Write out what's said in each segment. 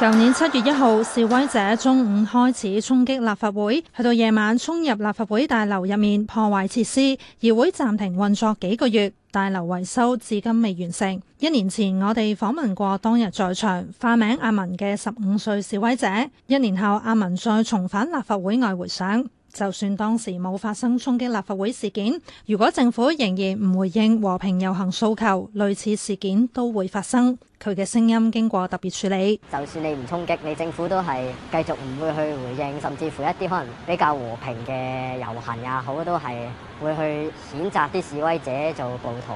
舊年七月一號，示威者中午開始衝擊立法會，去到夜晚衝入立法會大樓入面破壞設施，議會暫停運作幾個月，大樓維修至今未完成。一年前我哋訪問過當日在場化名阿文嘅十五歲示威者，一年後阿文再重返立法會外回想。就算當時冇發生衝擊立法會事件，如果政府仍然唔回應和平遊行訴求，類似事件都會發生。佢嘅聲音經過特別處理。就算你唔衝擊，你政府都係繼續唔會去回應，甚至乎一啲可能比較和平嘅遊行也好，都係會去譴責啲示威者做暴徒。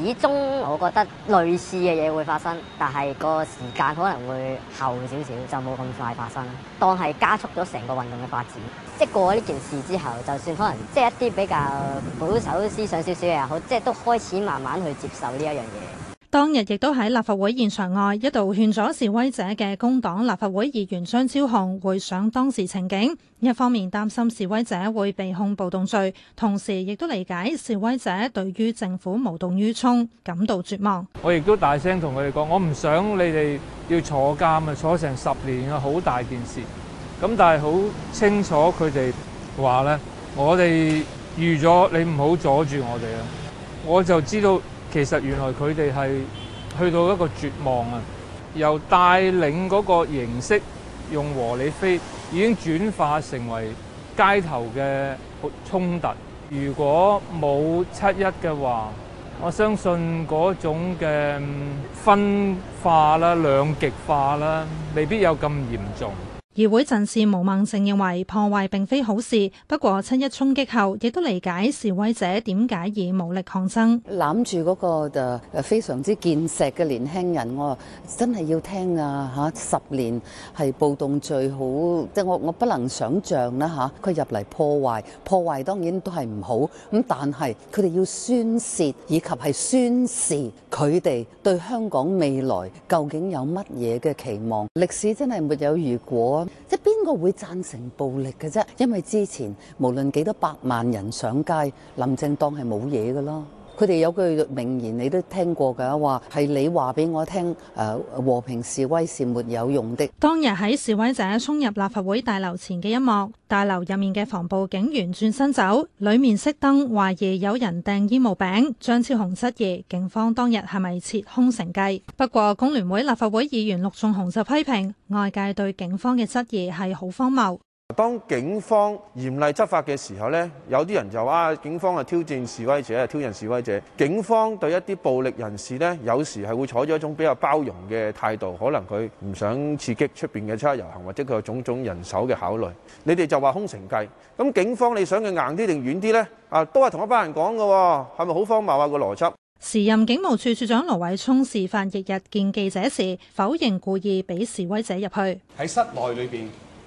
始終我覺得類似嘅嘢會發生，但係個時間可能會後少少，就冇咁快發生。當係加速咗成個運動嘅發展，即係過咗呢件事之後，就算可能即係一啲比較保守思想少少嘅人，好，即係都開始慢慢去接受呢一樣嘢。當日亦都喺立法會現場外一度勸咗示威者嘅工黨立法會議員張超雄回想當時情景，一方面擔心示威者會被控暴動罪，同時亦都理解示威者對於政府無動於衷，感到絕望。我亦都大聲同佢哋講，我唔想你哋要坐監啊，坐成十年啊，好大件事。咁但係好清楚佢哋話咧，我哋預咗你唔好阻住我哋啊，我就知道。其實原來佢哋係去到一個絕望啊，由帶領嗰個形式用和理非，已經轉化成為街頭嘅衝突。如果冇七一嘅話，我相信嗰種嘅分化啦、兩極化啦，未必有咁嚴重。議會陣事毛孟靜認為破壞並非好事，不過七一衝擊後亦都理解示威者點解以武力抗爭。攬住嗰個就非常之健碩嘅年輕人，我真係要聽啊！嚇，十年係暴動最好，即係我我不能想象啦嚇，佢入嚟破壞，破壞當然都係唔好咁，但係佢哋要宣泄以及係宣示佢哋對香港未來究竟有乜嘢嘅期望。歷史真係沒有如果。即係邊個會贊成暴力嘅啫？因為之前無論幾多百萬人上街，林鄭當係冇嘢嘅啦。佢哋有句名言，你都聽過㗎，話，係你話俾我聽，誒和平示威是沒有用的。當日喺示威者衝入立法會大樓前嘅一幕，大樓入面嘅防暴警員轉身走，裏面熄燈，懷疑有人掟煙霧餅。張超雄質疑警方當日係咪設空城計？不過，工聯會立法會議員陸頌雄就批評外界對警方嘅質疑係好荒謬。當警方嚴厲執法嘅時候呢，有啲人就話：警方啊，挑戰示威者，挑釁示威者。警方對一啲暴力人士呢，有時係會採取一種比較包容嘅態度，可能佢唔想刺激出邊嘅差遊行，或者佢有種種人手嘅考慮。你哋就話空城計，咁警方你想佢硬啲定軟啲呢？啊，都係同一班人講嘅喎，係咪好荒謬啊個邏輯？時任警務處處長羅偉聰示範翌日見記者時，否認故意俾示威者入去喺室內裏邊。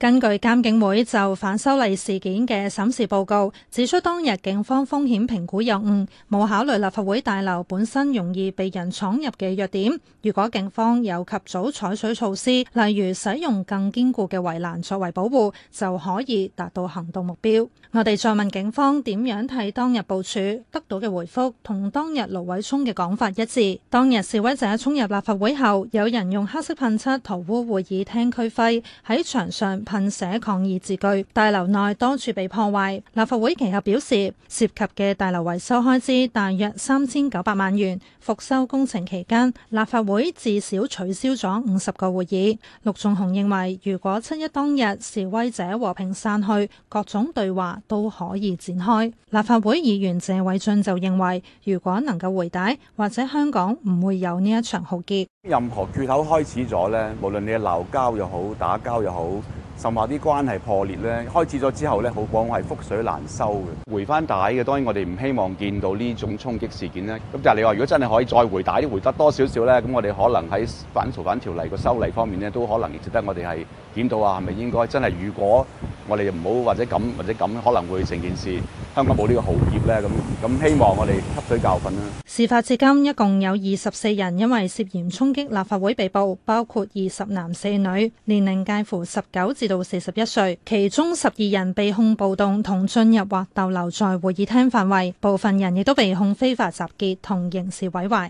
根據監警會就反修例事件嘅審視報告指出，當日警方風險評估有誤，冇考慮立法會大樓本身容易被人闖入嘅弱點。如果警方有及早採取措施，例如使用更堅固嘅圍欄作為保護，就可以達到行動目標。我哋再問警方點樣睇當日部署，得到嘅回覆同當日盧偉聰嘅講法一致。當日示威者衝入立法會後，有人用黑色噴漆塗污會議廳區徽喺牆上。噴寫抗議字句，大樓內多處被破壞。立法會其後表示，涉及嘅大樓維修開支大約三千九百萬元。復修工程期間，立法會至少取消咗五十個會議。陸仲雄認為，如果七一當日示威者和平散去，各種對話都可以展開。立法會議員謝偉俊就認為，如果能夠回帶，或者香港唔會有呢一場浩劫。任何缺口開始咗呢，無論你係鬧交又好，打交又好。甚話啲關係破裂咧，開始咗之後咧，好講係覆水難收嘅，回返帶嘅。當然我哋唔希望見到呢種衝擊事件咧。咁但係你話如果真係可以再回帶，回得多少少咧，咁我哋可能喺反逃犯條例個修例方面咧，都可能亦值得我哋係檢討啊，係咪應該真係如果我哋唔好或者咁或者咁，可能會成件事香港冇呢個浩劫咧？咁咁希望我哋吸取教訓啦。事發至今，一共有二十四人因為涉嫌衝擊立法會被捕，包括二十男四女，年齡介乎十九至到四十一歲，其中十二人被控暴動同進入或逗留在會議廳範圍，部分人亦都被控非法集結同刑事毀壞。